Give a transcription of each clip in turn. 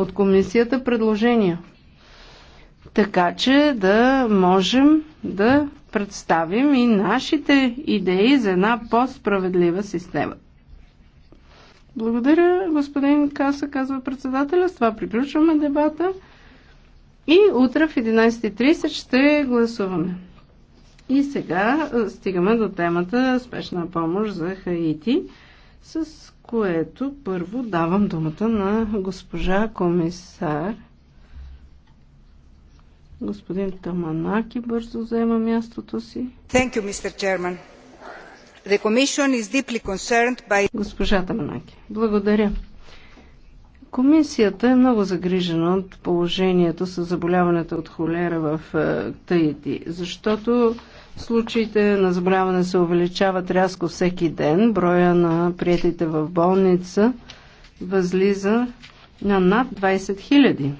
от комисията предложения. Така че да можем да представим и нашите идеи за една по-справедлива система. Благодаря, господин Каса, казва председателя. С това приключваме дебата. И утре в 11.30 ще гласуваме. И сега стигаме до темата спешна помощ за Хаити с което първо давам думата на госпожа комисар. Господин Таманаки бързо взема мястото си. Thank you, Mr. Chairman. The Commission is deeply concerned by... Госпожа Таманаки, благодаря. Комисията е много загрижена от положението с заболяването от холера в е, Таити, защото Случаите на заболяване се увеличават рязко всеки ден. Броя на приятите в болница възлиза на над 20 хиляди.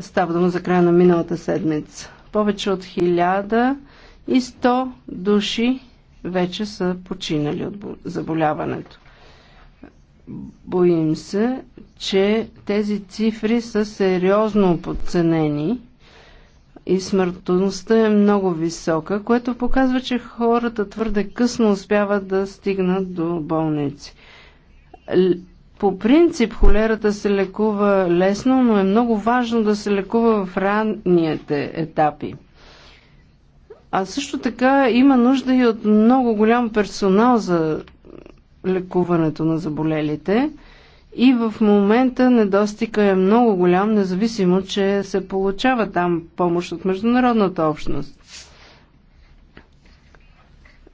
Става дума за края на миналата седмица. Повече от 1100 души вече са починали от заболяването. Боим се, че тези цифри са сериозно подценени – и смъртността е много висока, което показва, че хората твърде късно успяват да стигнат до болници. По принцип холерата се лекува лесно, но е много важно да се лекува в ранните етапи. А също така има нужда и от много голям персонал за лекуването на заболелите. И в момента недостига е много голям, независимо, че се получава там помощ от международната общност.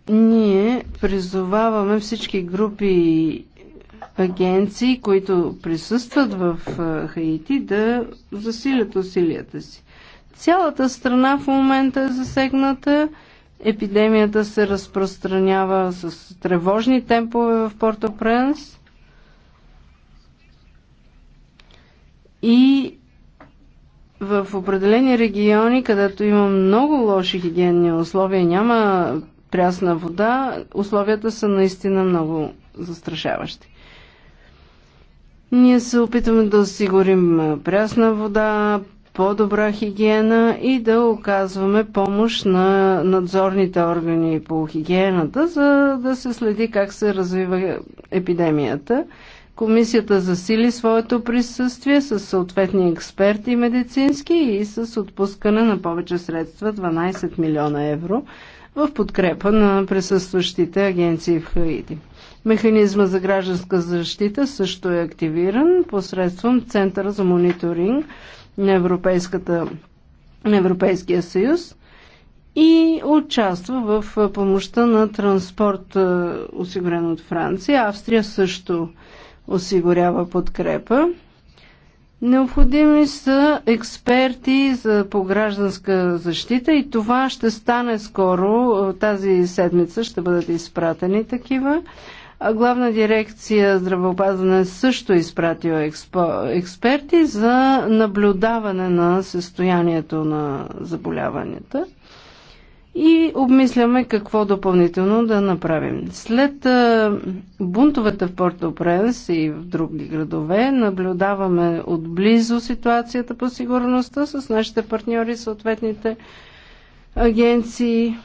Ние призоваваме всички групи агенции, които присъстват в Хаити, да засилят усилията си. Цялата страна в момента е засегната. Епидемията се разпространява с тревожни темпове в Порто-Пренс. И в определени региони, където има много лоши хигиенни условия, няма прясна вода, условията са наистина много застрашаващи. Ние се опитваме да осигурим прясна вода, по-добра хигиена и да оказваме помощ на надзорните органи по хигиената, за да се следи как се развива епидемията Комисията засили своето присъствие с съответни експерти медицински и с отпускане на повече средства 12 милиона евро в подкрепа на присъстващите агенции в Хаити. Механизма за гражданска защита също е активиран посредством Центъра за мониторинг на, Европейската, на Европейския съюз и участва в помощта на транспорт, е, осигурен от Франция. Австрия също осигурява подкрепа. Необходими са експерти за, по гражданска защита и това ще стане скоро. Тази седмица ще бъдат изпратени такива. Главна дирекция здравеопазване също е изпратила експерти за наблюдаване на състоянието на заболяванията и обмисляме какво допълнително да направим. След бунтовете в Порто-Пренс и в други градове наблюдаваме отблизо ситуацията по сигурността с нашите партньори, съответните агенции,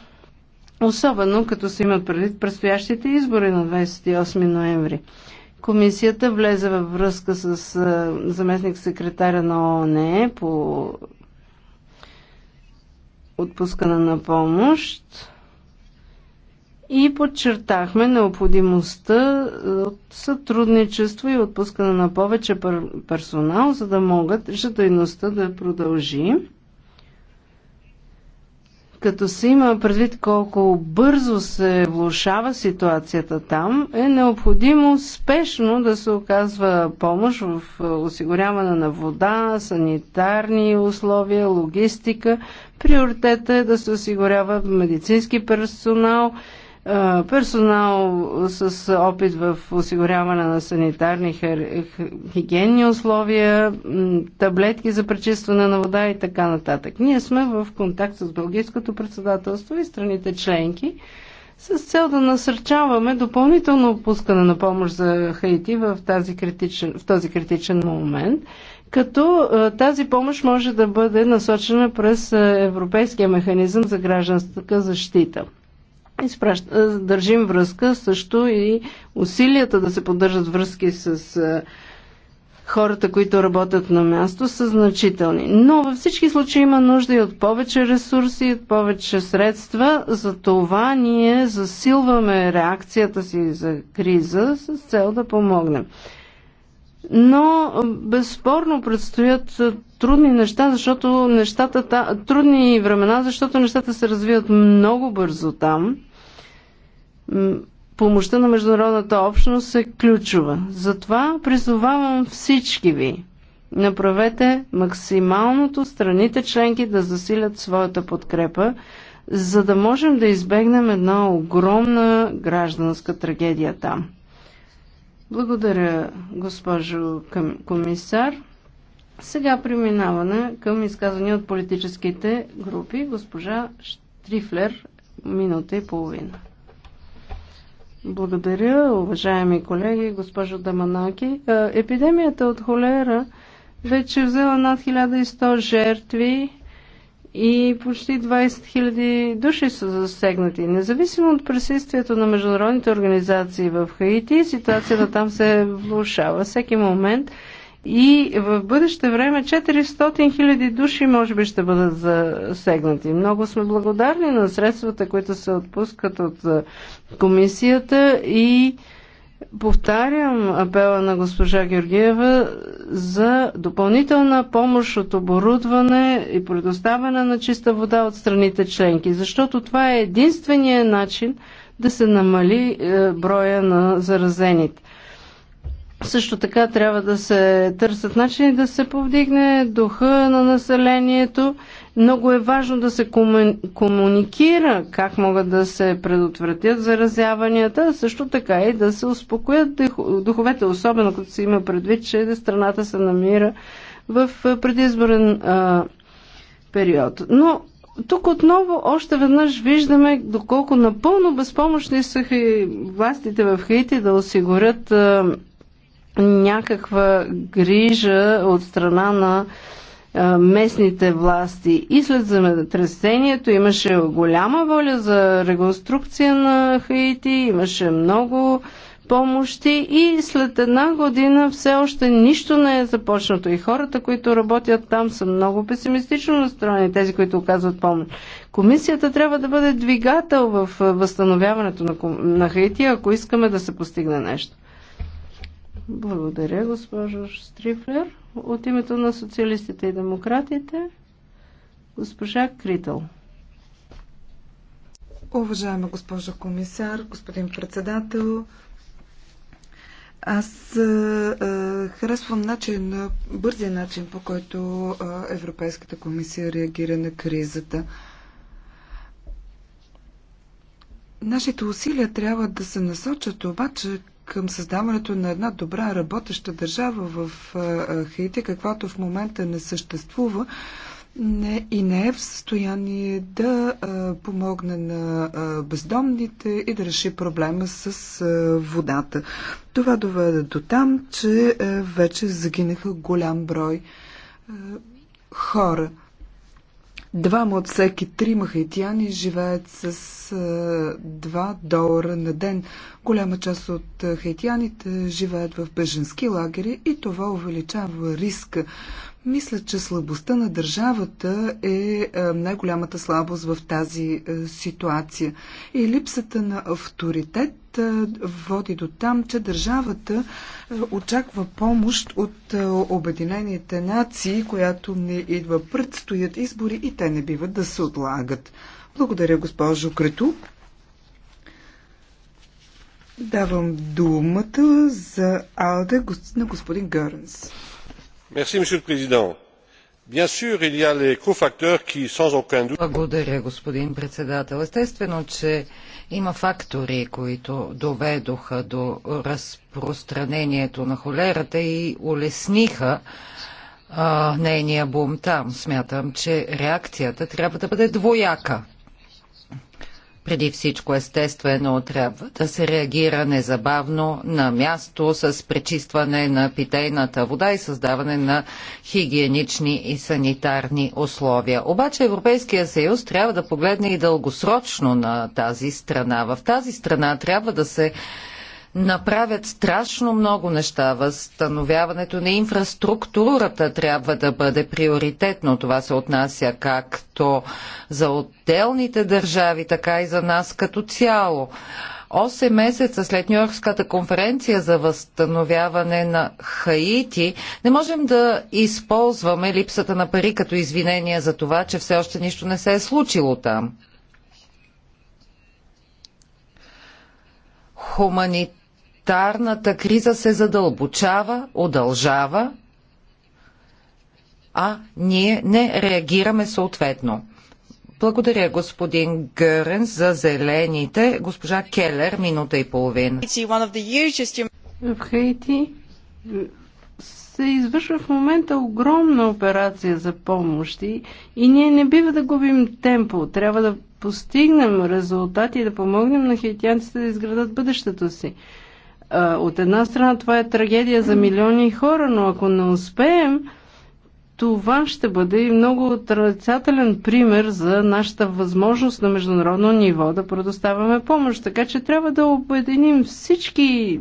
особено като се имат предвид предстоящите избори на 28 ноември. Комисията влезе във връзка с заместник секретаря на ООН по отпускане на помощ и подчертахме необходимостта е, от сътрудничество и отпускане на повече персонал, за да могат дейността да продължи като се има предвид колко бързо се влушава ситуацията там, е необходимо спешно да се оказва помощ в е, осигуряване на вода, санитарни условия, логистика. Приоритета е да се осигурява медицински персонал, персонал с опит в осигуряване на санитарни хигиенни условия, таблетки за пречистване на вода и така нататък. Ние сме в контакт с Белгийското председателство и страните членки с цел да насърчаваме допълнително опускане на помощ за Хаити в, тази критичен, в този критичен момент, като тази помощ може да бъде насочена през Европейския механизъм за гражданска защита. Изпраща, държим връзка също и усилията да се поддържат връзки с хората, които работят на място, са значителни. Но във всички случаи има нужда и от повече ресурси, и от повече средства. За това ние засилваме реакцията си за криза с цел да помогнем. Но безспорно предстоят трудни неща, защото нещата, трудни времена, защото нещата се развиват много бързо там помощта на международната общност е ключова. Затова призовавам всички ви. Направете максималното страните членки да засилят своята подкрепа, за да можем да избегнем една огромна гражданска трагедия там. Благодаря, госпожо комисар. Сега преминаване към изказвания от политическите групи. Госпожа Штрифлер, минута и половина. Благодаря, уважаеми колеги, госпожо Даманаки. Е, епидемията от холера вече взела над 1100 жертви и почти 20 000 души са засегнати. Независимо от присъствието на международните организации в Хаити, ситуацията там се влушава всеки момент – и в бъдеще време 400 хиляди души може би ще бъдат засегнати. Много сме благодарни на средствата, които се отпускат от комисията и повтарям апела на госпожа Георгиева за допълнителна помощ от оборудване и предоставяне на чиста вода от страните членки, защото това е единствения начин да се намали броя на заразените. Също така трябва да се търсят начини да се повдигне духа на населението. Много е важно да се кому... комуникира как могат да се предотвратят заразяванията, също така и да се успокоят духовете, особено като се има предвид, че страната се намира в предизборен а, период. Но тук отново още веднъж виждаме доколко напълно безпомощни са властите в Хаити да осигурят а, някаква грижа от страна на местните власти. И след земетресението имаше голяма воля за реконструкция на Хаити, имаше много помощи и след една година все още нищо не е започнато. И хората, които работят там, са много песимистично настроени, тези, които оказват помощ. Комисията трябва да бъде двигател в възстановяването на, на Хаити, ако искаме да се постигне нещо. Благодаря, госпожо Штрифлер. От името на социалистите и демократите, госпожа Крител. Уважаема госпожо комисар, господин председател, аз е, е харесвам начин, бързия начин, по който е, Европейската комисия реагира на кризата. Нашите усилия трябва да се насочат обаче към създаването на една добра работеща държава в Хаити, каквато в момента не съществува не, и не е в състояние да а, помогне на а, бездомните и да реши проблема с а, водата. Това доведе до там, че а, вече загинаха голям брой а, хора. Двама от всеки трима хаитияни живеят с 2 долара на ден. Голяма част от хаитияните живеят в беженски лагери и това увеличава риска. Мисля, че слабостта на държавата е най-голямата слабост в тази ситуация. И липсата на авторитет води до там, че държавата очаква помощ от Обединените нации, която не идва. Предстоят избори и те не биват да се отлагат. Благодаря, госпожо Крето. Давам думата за Алде на господин Гърнс. Мерси, господин президент. Bien sûr, il y a les cofacteurs qui, sans aucun doute... Благодаря, господин председател. Естествено, че има фактори, които доведоха до разпространението на холерата и улесниха а, нейния бум там. Смятам, че реакцията трябва да бъде двояка. Преди всичко естествено трябва да се реагира незабавно на място с пречистване на питейната вода и създаване на хигиенични и санитарни условия. Обаче Европейския съюз трябва да погледне и дългосрочно на тази страна. В тази страна трябва да се направят страшно много неща. Възстановяването на инфраструктурата трябва да бъде приоритетно. Това се отнася както за отделните държави, така и за нас като цяло. Осем месеца след Нью-Йоркската конференция за възстановяване на Хаити, не можем да използваме липсата на пари като извинение за това, че все още нищо не се е случило там. Хуманитарно хуманитарната криза се задълбочава, удължава, а ние не реагираме съответно. Благодаря, господин Гърен, за зелените. Госпожа Келер, минута и половина. В Хаити се извършва в момента огромна операция за помощи и ние не бива да губим темпо. Трябва да постигнем резултати и да помогнем на хаитянците да изградат бъдещето си. От една страна това е трагедия за милиони хора, но ако не успеем, това ще бъде и много отрицателен пример за нашата възможност на международно ниво да предоставяме помощ. Така че трябва да обединим всички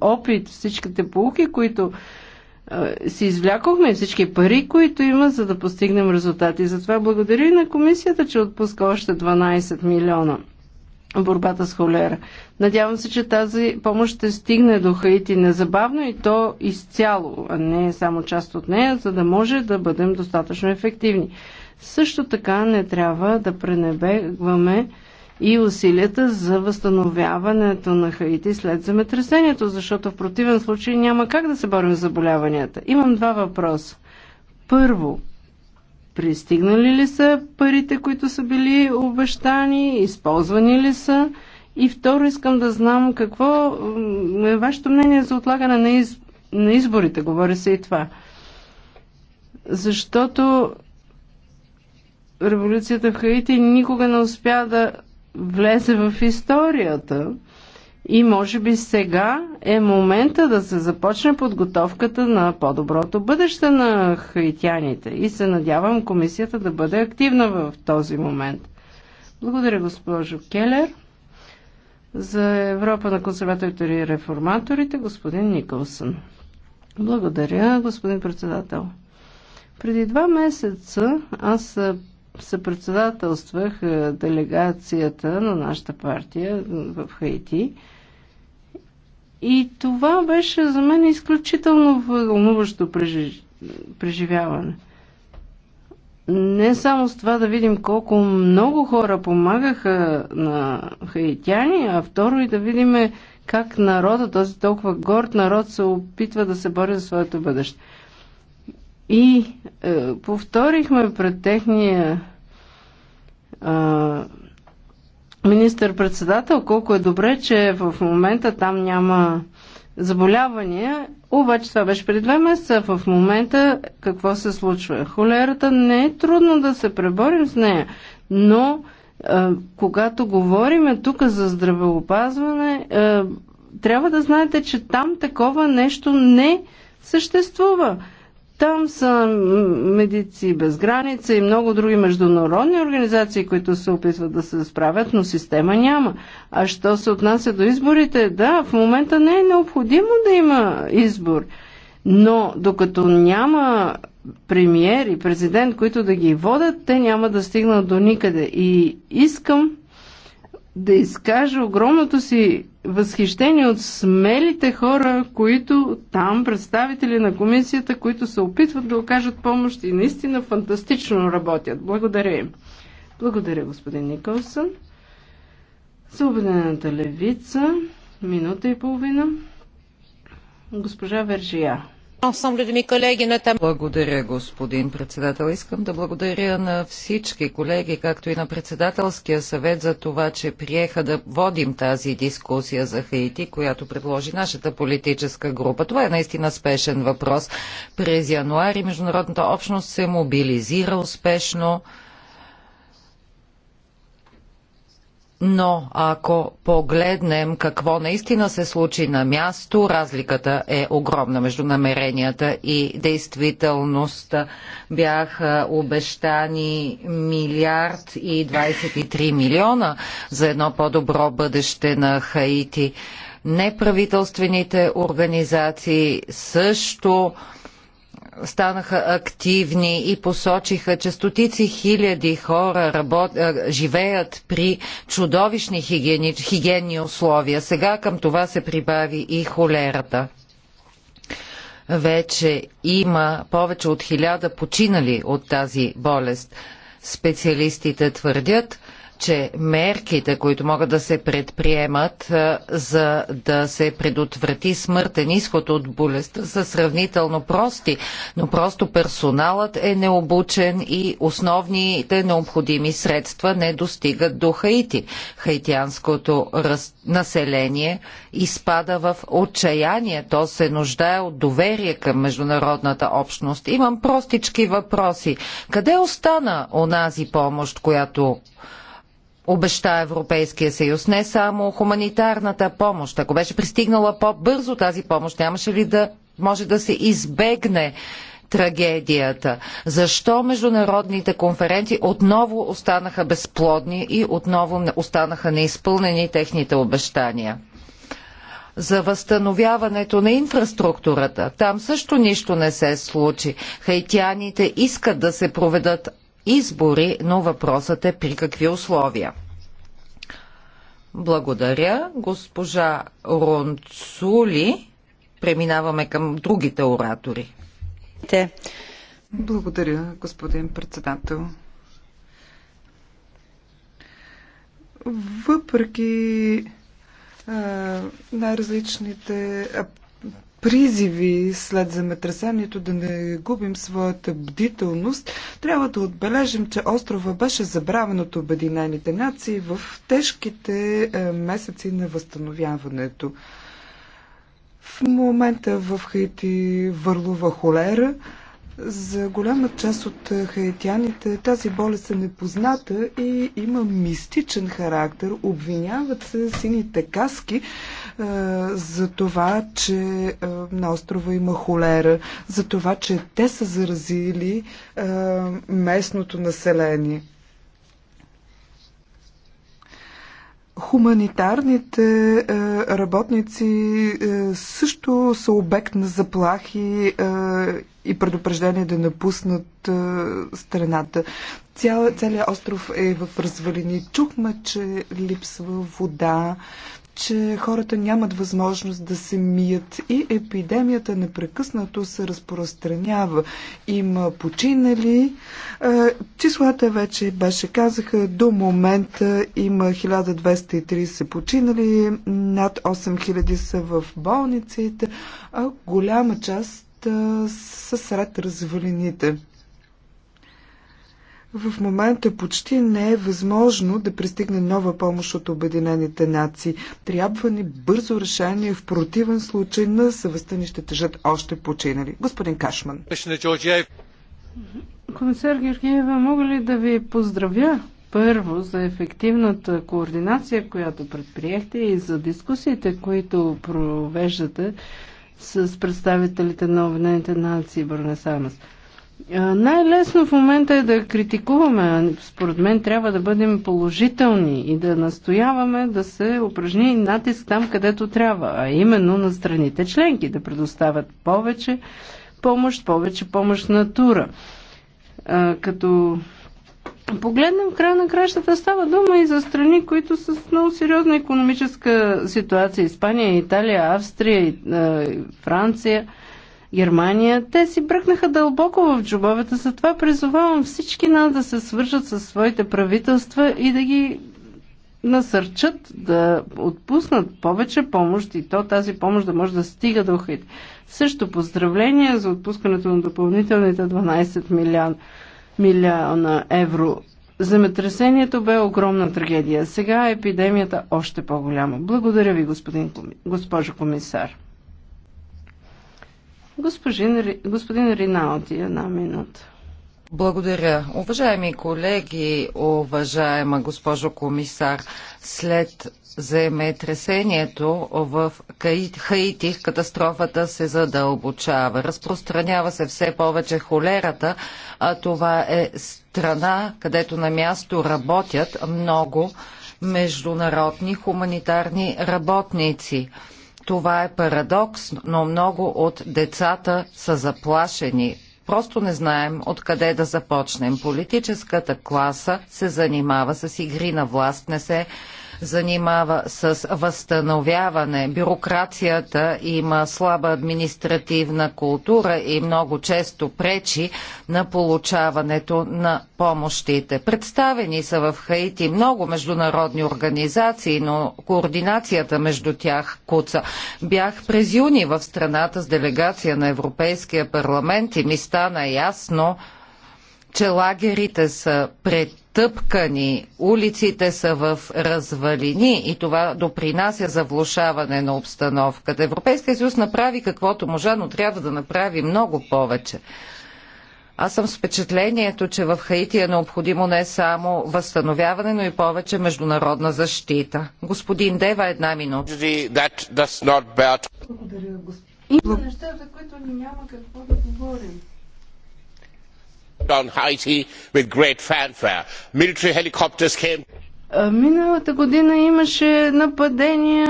опит, всичките полуки, които е, си извлякохме, всички пари, които има, за да постигнем резултати. Затова благодаря и на комисията, че отпуска още 12 милиона борбата с холера. Надявам се, че тази помощ ще стигне до Хаити незабавно и то изцяло, а не само част от нея, за да може да бъдем достатъчно ефективни. Също така не трябва да пренебегваме и усилията за възстановяването на Хаити след земетресението, защото в противен случай няма как да се борим с заболяванията. Имам два въпроса. Първо, Пристигнали ли са парите, които са били обещани, използвани ли са? И второ, искам да знам какво е вашето мнение за отлагане на, из... на изборите, говори се и това. Защото революцията в Хаити никога не успя да влезе в историята. И може би сега е момента да се започне подготовката на по-доброто бъдеще на хаитяните. И се надявам комисията да бъде активна в този момент. Благодаря, госпожо Келер. За Европа на консерваторите и реформаторите, господин Николсън. Благодаря, господин председател. Преди два месеца аз съпредседателствах делегацията на нашата партия в Хаити – и това беше за мен изключително вълнуващо преживяване. Не само с това да видим колко много хора помагаха на хаитяни, а второ и да видим как народа, този толкова горд народ, се опитва да се бори за своето бъдеще. И е, повторихме пред техния е, министър-председател, колко е добре, че в момента там няма заболявания, обаче това беше преди две месеца. В момента какво се случва? Холерата не е трудно да се преборим с нея, но е, когато говориме тук за здравеопазване, е, трябва да знаете, че там такова нещо не съществува. Там са медици без граница и много други международни организации, които се опитват да се справят, но система няма. А що се отнася до изборите, да, в момента не е необходимо да има избор. Но докато няма премиер и президент, които да ги водят, те няма да стигнат до никъде. И искам да изкажа огромното си възхищение от смелите хора, които там, представители на комисията, които се опитват да окажат помощ и наистина фантастично работят. Благодаря им. Благодаря, господин Николсън. Съобедената левица, минута и половина. Госпожа Вержия. Благодаря, господин председател. Искам да благодаря на всички колеги, както и на председателския съвет за това, че приеха да водим тази дискусия за Хаити, която предложи нашата политическа група. Това е наистина спешен въпрос. През януари международната общност се мобилизира успешно. Но ако погледнем какво наистина се случи на място, разликата е огромна между намеренията и действителността. Бяха обещани милиард и 23 милиона за едно по-добро бъдеще на Хаити. Неправителствените организации също станаха активни и посочиха, че стотици хиляди хора работ... живеят при чудовищни хигиени... хигиенни условия. Сега към това се прибави и холерата. Вече има повече от хиляда починали от тази болест. Специалистите твърдят, че мерките, които могат да се предприемат е, за да се предотврати смъртен изход от болестта са сравнително прости, но просто персоналът е необучен и основните необходими средства не достигат до Хаити. Хаитянското население изпада в отчаяние. То се нуждае от доверие към международната общност. Имам простички въпроси. Къде остана онази помощ, която обеща Европейския съюз. Не само хуманитарната помощ. Ако беше пристигнала по-бързо тази помощ, нямаше ли да може да се избегне трагедията? Защо международните конференции отново останаха безплодни и отново останаха неизпълнени техните обещания? за възстановяването на инфраструктурата. Там също нищо не се случи. Хаитяните искат да се проведат избори, но въпросът е при какви условия. Благодаря. Госпожа Ронцули, преминаваме към другите оратори. Благодаря, господин председател. Въпреки най-различните призиви след земетресението да не губим своята бдителност, трябва да отбележим, че острова беше забравен от Обединените нации в тежките е, месеци на възстановяването. В момента в Хаити върлува холера, за голяма част от хаитяните тази болест е непозната и има мистичен характер. Обвиняват се сините каски е, за това, че е, на острова има холера, за това, че те са заразили е, местното население. Хуманитарните е, работници е, също са обект на заплахи е, и предупреждение да напуснат страната. Цял, целият остров е в развалини. Чухме, че липсва вода че хората нямат възможност да се мият и епидемията непрекъснато се разпространява. Има починали. Е, числата вече беше казаха, до момента има 1230 починали, над 8000 са в болниците, а голяма част е, са сред развалините. В момента почти не е възможно да пристигне нова помощ от Обединените нации. Трябва ни бързо решение, в противен случай на съвестта ни ще тежат още починали. Господин Кашман. Комисар Георгиева, мога ли да ви поздравя първо за ефективната координация, която предприехте и за дискусиите, които провеждате с представителите на Обединените нации Бърнесамас? Най-лесно в момента е да критикуваме. Според мен трябва да бъдем положителни и да настояваме да се упражни натиск там, където трябва, а именно на страните членки, да предоставят повече помощ, повече помощ на тура. А, като погледнем края на кращата, става дума и за страни, които са с много сериозна економическа ситуация. Испания, Италия, Австрия, Франция – Германия, те си бръкнаха дълбоко в джобовете, затова призовавам всички нас да се свържат със своите правителства и да ги насърчат да отпуснат повече помощ и то тази помощ да може да стига до хит. Също поздравления за отпускането на допълнителните 12 милион, милиона евро. Земетресението бе огромна трагедия. Сега епидемията още по-голяма. Благодаря ви, господин, госпожо комисар. Госпожин, господин Риналди, една минута. Благодаря. Уважаеми колеги, уважаема госпожо комисар, след земетресението в Хаити катастрофата се задълбочава. Разпространява се все повече холерата, а това е страна, където на място работят много международни хуманитарни работници. Това е парадокс, но много от децата са заплашени. Просто не знаем откъде да започнем. Политическата класа се занимава с игри на власт, не се занимава с възстановяване. Бюрокрацията има слаба административна култура и много често пречи на получаването на помощите. Представени са в Хаити много международни организации, но координацията между тях куца. Бях през юни в страната с делегация на Европейския парламент и ми стана ясно, че лагерите са пред стъпкани, улиците са в развалини и това допринася за влушаване на обстановката. Европейския съюз направи каквото можа, но трябва да направи много повече. Аз съм с впечатлението, че в Хаити е необходимо не само възстановяване, но и повече международна защита. Господин Дева, една минута. Благодаря, господин. Има неща, за които няма какво да говорим on Haiti with great fanfare. Military helicopters came Миналата година имаше нападения,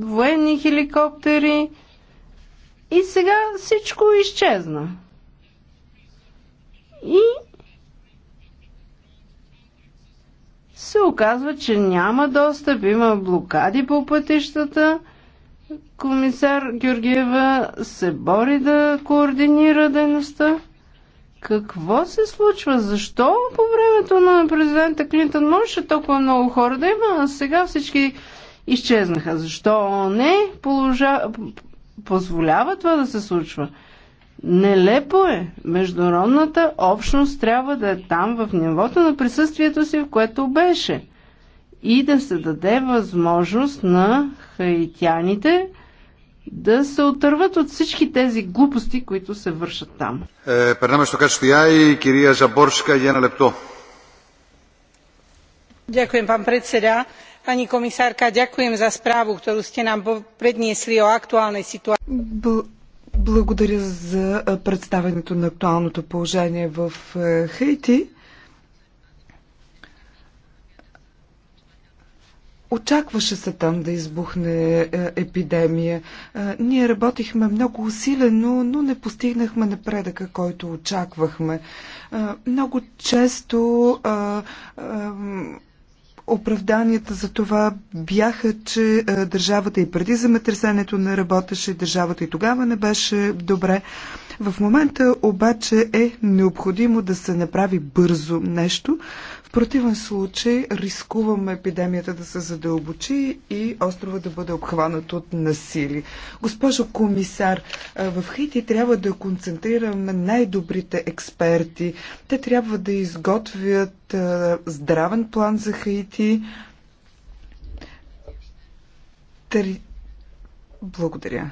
военни хеликоптери и сега всичко изчезна. И се оказва, че няма достъп, има блокади по пътищата. Комисар Георгиева се бори да координира дейността. Какво се случва? Защо по времето на президента Клинтон можеше толкова много хора да има, а сега всички изчезнаха? Защо не положа... позволява това да се случва? Нелепо е. Международната общност трябва да е там в нивото на присъствието си, в което беше. И да се даде възможност на хаитяните да се отърват от всички тези глупости, които се вършат там. Е, пернаме στο я и κυρία Ζαμπόρσκα για ένα λεπτό. Ďakujem, pán predseda. Pani komisárka, ďakujem za správu, ktorú ste nám predniesli o aktuálnej situácii. Благодаря за представенето на актуалното положение в Хейти. Очакваше се там да избухне е, епидемия. Е, ние работихме много усилено, но не постигнахме напредъка, който очаквахме. Е, много често оправданията за това бяха, че държавата и преди земетресението не работеше, държавата и тогава не беше добре. В момента обаче е необходимо да се направи бързо нещо, противен случай рискуваме епидемията да се задълбочи и острова да бъде обхванат от насили. Госпожо комисар, в Хити трябва да концентрираме най-добрите експерти. Те трябва да изготвят здравен план за Хити. Три... Благодаря.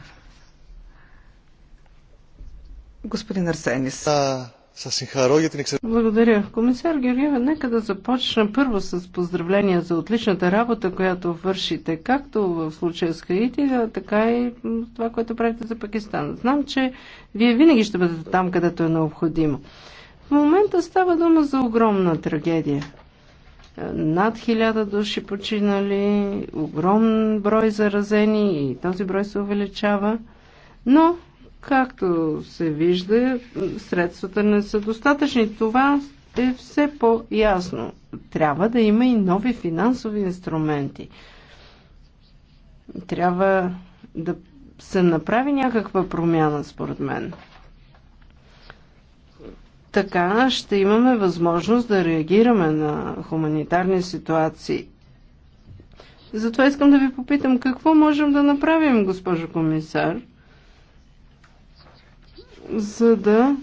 Господин Арсенис. А, с синхаро и Благодаря. Комисар Георгиева, нека да започна първо с поздравления за отличната работа, която вършите, както в случая с Хаити, така и това, което правите за Пакистан. Знам, че вие винаги ще бъдете там, където е необходимо. В момента става дума за огромна трагедия. Над хиляда души починали, огромен брой заразени и този брой се увеличава. Но Както се вижда, средствата не са достатъчни. Това е все по-ясно. Трябва да има и нови финансови инструменти. Трябва да се направи някаква промяна, според мен. Така ще имаме възможност да реагираме на хуманитарни ситуации. Затова искам да ви попитам какво можем да направим, госпожо комисар, за да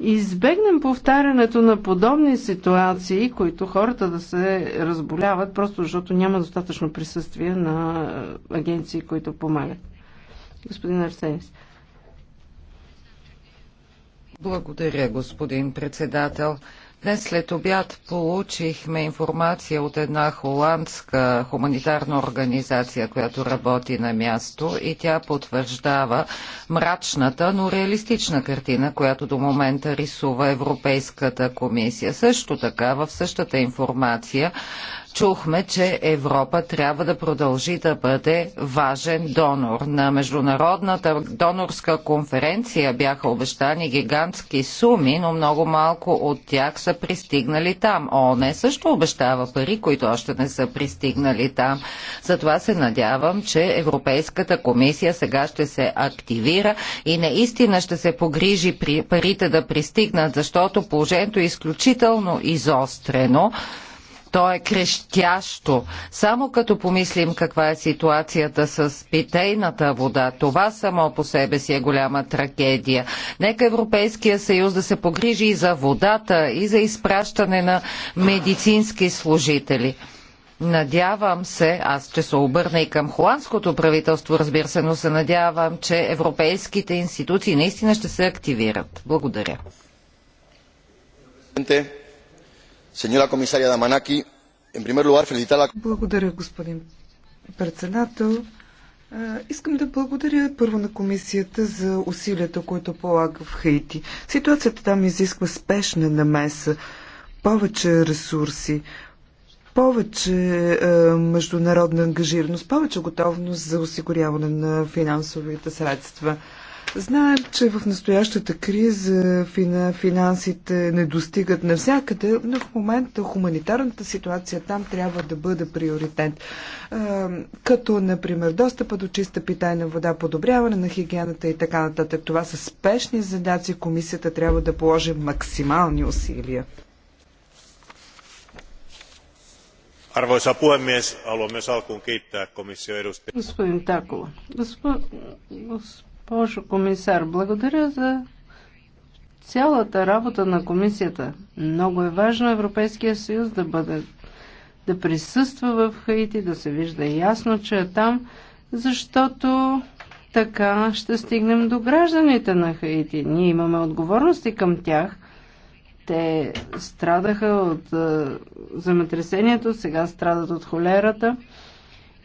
избегнем повтарянето на подобни ситуации, които хората да се разболяват, просто защото няма достатъчно присъствие на агенции, които помагат. Господин Арсенис. Благодаря, господин председател. Днес след обяд получихме информация от една холандска хуманитарна организация, която работи на място и тя потвърждава мрачната, но реалистична картина, която до момента рисува Европейската комисия. Също така в същата информация чухме, че Европа трябва да продължи да бъде важен донор. На Международната донорска конференция бяха обещани гигантски суми, но много малко от тях са пристигнали там. ООН също обещава пари, които още не са пристигнали там. Затова се надявам, че Европейската комисия сега ще се активира и наистина ще се погрижи парите да пристигнат, защото положението е изключително изострено. То е крещящо. Само като помислим каква е ситуацията с питейната вода, това само по себе си е голяма трагедия. Нека Европейския съюз да се погрижи и за водата, и за изпращане на медицински служители. Надявам се, аз ще се обърна и към холандското правителство, разбира се, но се надявам, че европейските институции наистина ще се активират. Благодаря. Señora en primer lugar, felicitar Благодаря, господин председател. Искам да благодаря първо на комисията за усилията, които полага в Хаити. Ситуацията там изисква спешна намеса, повече ресурси, повече е, международна ангажираност, повече готовност за осигуряване на финансовите средства. Знаем, че в настоящата криза финансите не достигат навсякъде, но в момента хуманитарната ситуация там трябва да бъде приоритет. Като, например, достъпа до чиста питайна вода, подобряване на хигиената и така нататък. Това са спешни задачи. Комисията трябва да положи максимални усилия. arvoisa puhemies haluan myös alkuun kiittää komission edustajia Госпожо комисар, благодаря за цялата работа на комисията. Много е важно Европейския съюз да бъде да присъства в Хаити, да се вижда ясно, че е там, защото така ще стигнем до гражданите на Хаити. Ние имаме отговорности към тях. Те страдаха от е, земетресението, сега страдат от холерата.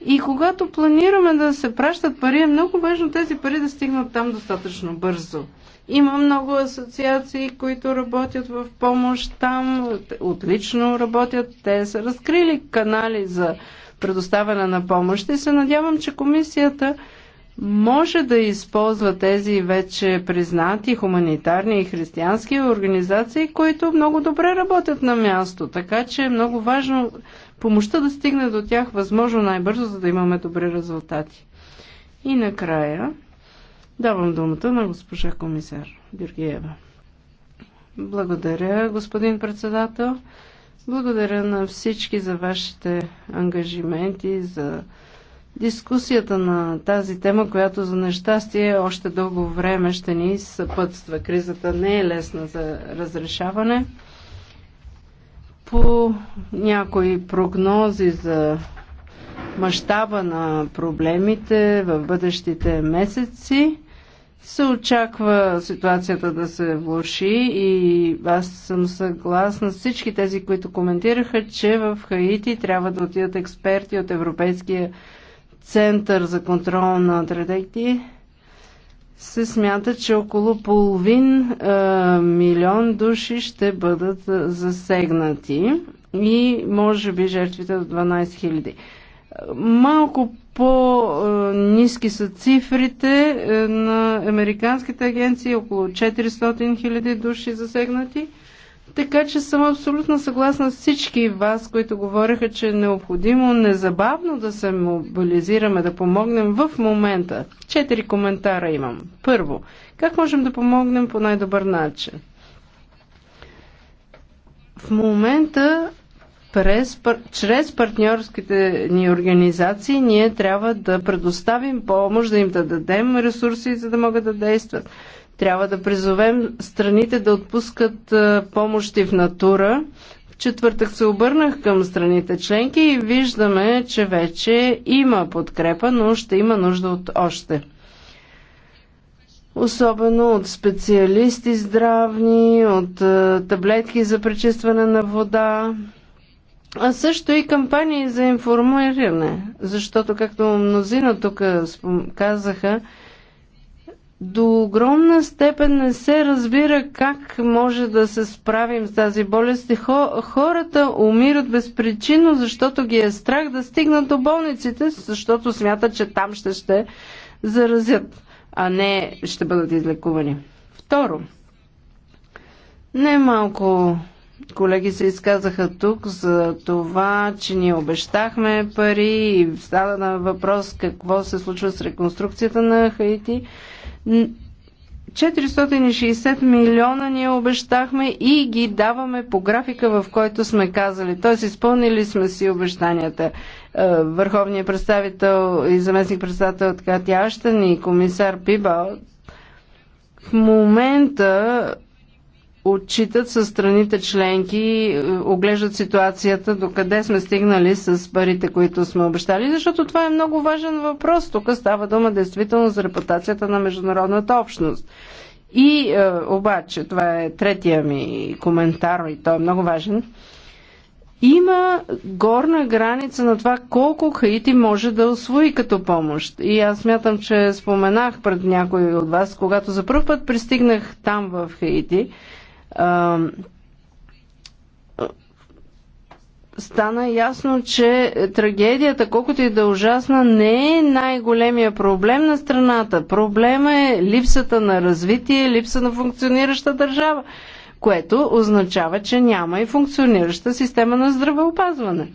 И когато планираме да се пращат пари, е много важно тези пари да стигнат там достатъчно бързо. Има много асоциации, които работят в помощ там, отлично работят. Те са разкрили канали за предоставяне на помощ и се надявам, че комисията може да използва тези вече признати хуманитарни и християнски организации, които много добре работят на място. Така че е много важно помощта да стигне до тях възможно най-бързо, за да имаме добри резултати. И накрая давам думата на госпожа комисар Георгиева. Благодаря, господин председател. Благодаря на всички за вашите ангажименти, за дискусията на тази тема, която за нещастие още дълго време ще ни съпътства. Кризата не е лесна за разрешаване. По някои прогнози за мащаба на проблемите в бъдещите месеци се очаква ситуацията да се влуши и аз съм съгласна с всички тези, които коментираха, че в Хаити трябва да отидат експерти от Европейския център за контрол на традиции се смята, че около половин а, е, милион души ще бъдат е, засегнати и може би жертвите до 12 хиляди. Малко по-низки са цифрите е, на американските агенции, около 400 хиляди души засегнати – така че съм абсолютно съгласна с всички вас, които говориха, че е необходимо незабавно да се мобилизираме, да помогнем в момента. Четири коментара имам. Първо, как можем да помогнем по най-добър начин? В момента през, чрез партньорските ни организации ние трябва да предоставим помощ, да им да дадем ресурси, за да могат да действат. Трябва да призовем страните да отпускат помощи в натура. В четвъртък се обърнах към страните членки и виждаме, че вече има подкрепа, но ще има нужда от още особено от специалисти здравни, от таблетки за пречистване на вода, а също и кампании за информиране, защото, както мнозина тук казаха, до огромна степен не се разбира как може да се справим с тази болест. Хората умират безпричинно, защото ги е страх да стигнат до болниците, защото смятат, че там ще ще заразят, а не ще бъдат излекувани. Второ, не малко колеги се изказаха тук за това, че ни обещахме пари и стана на въпрос какво се случва с реконструкцията на Хаити. 460 милиона ние обещахме и ги даваме по графика, в който сме казали. Т.е. изпълнили сме си обещанията. Е, върховният представител и заместник от Катя Аштан и комисар Пибал, в момента отчитат с страните членки, е, оглеждат ситуацията, докъде сме стигнали с парите, които сме обещали, защото това е много важен въпрос. Тук става дума действително за репутацията на международната общност. И е, обаче, това е третия ми коментар и той е много важен, има горна граница на това колко Хаити може да освои като помощ. И аз мятам, че споменах пред някой от вас, когато за първ път пристигнах там в Хаити, стана ясно, че трагедията, колкото и да е ужасна, не е най-големия проблем на страната. Проблема е липсата на развитие, липса на функционираща държава, което означава, че няма и функционираща система на здравеопазване.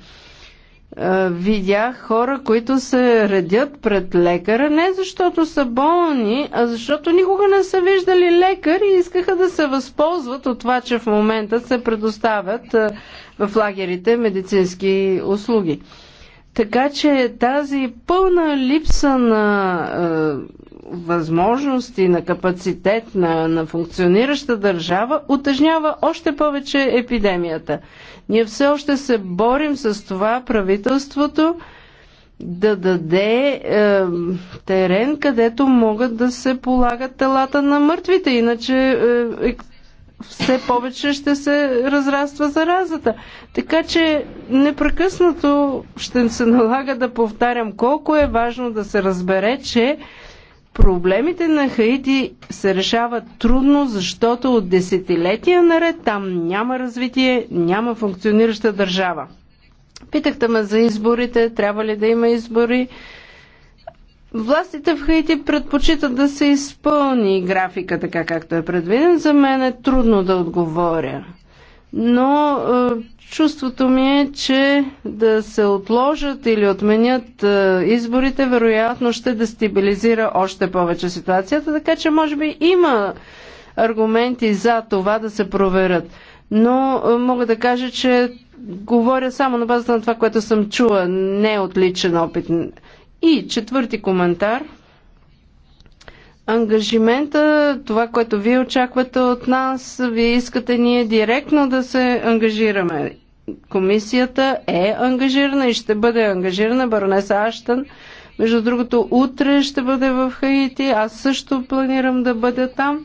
Е, видях хора, които се редят пред лекара, не защото са болни, а защото никога не са виждали лекар и искаха да се възползват от това, че в момента се предоставят е, в лагерите медицински услуги. Така че тази пълна липса на е, възможности, на капацитет на, на функционираща държава отъжнява още повече епидемията. Ние все още се борим с това правителството да даде е, терен, където могат да се полагат телата на мъртвите. Иначе е, е все повече ще се разраства заразата. Така че непрекъснато ще се налага да повтарям колко е важно да се разбере, че проблемите на Хаити се решават трудно, защото от десетилетия наред там няма развитие, няма функционираща държава. Питахте ме за изборите, трябва ли да има избори. Властите в Хаити предпочитат да се изпълни графика така както е предвиден. За мен е трудно да отговоря. Но е, чувството ми е, че да се отложат или отменят е, изборите, вероятно ще дестабилизира още повече ситуацията, така че може би има аргументи за това да се проверят. Но е, мога да кажа, че говоря само на базата на това, което съм чула, не е от личен опит. И четвърти коментар. Ангажимента, това, което вие очаквате от нас, вие искате ние директно да се ангажираме. Комисията е ангажирана и ще бъде ангажирана баронеса Аштън. Между другото, утре ще бъде в Хаити. Аз също планирам да бъда там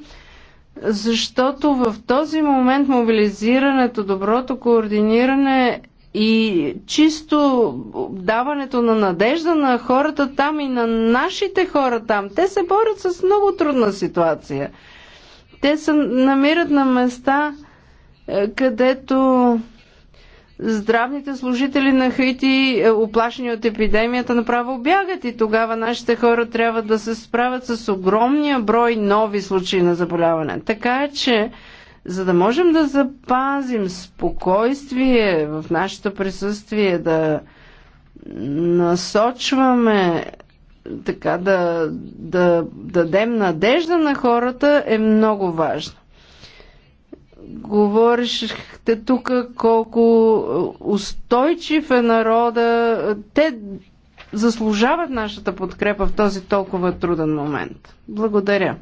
защото в този момент мобилизирането, доброто координиране и чисто даването на надежда на хората там и на нашите хора там, те се борят с много трудна ситуация. Те се намират на места, е, където здравните служители на Хаити, оплашени е, от епидемията, направо бягат и тогава нашите хора трябва да се справят с огромния брой нови случаи на заболяване. Така че за да можем да запазим спокойствие в нашето присъствие, да насочваме така да, да дадем надежда на хората е много важно. Говорихте тук колко устойчив е народа. Те заслужават нашата подкрепа в този толкова труден момент. Благодаря.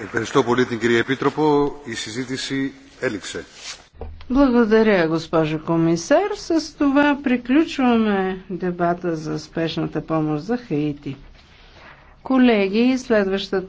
Ευχαριστώ πολύ την κυρία Επίτροπο. Η συζήτηση έληξε. Благодаря, госпожо комисар. С това приключваме дебата за спешната помощ за Хаити. Колеги, следващата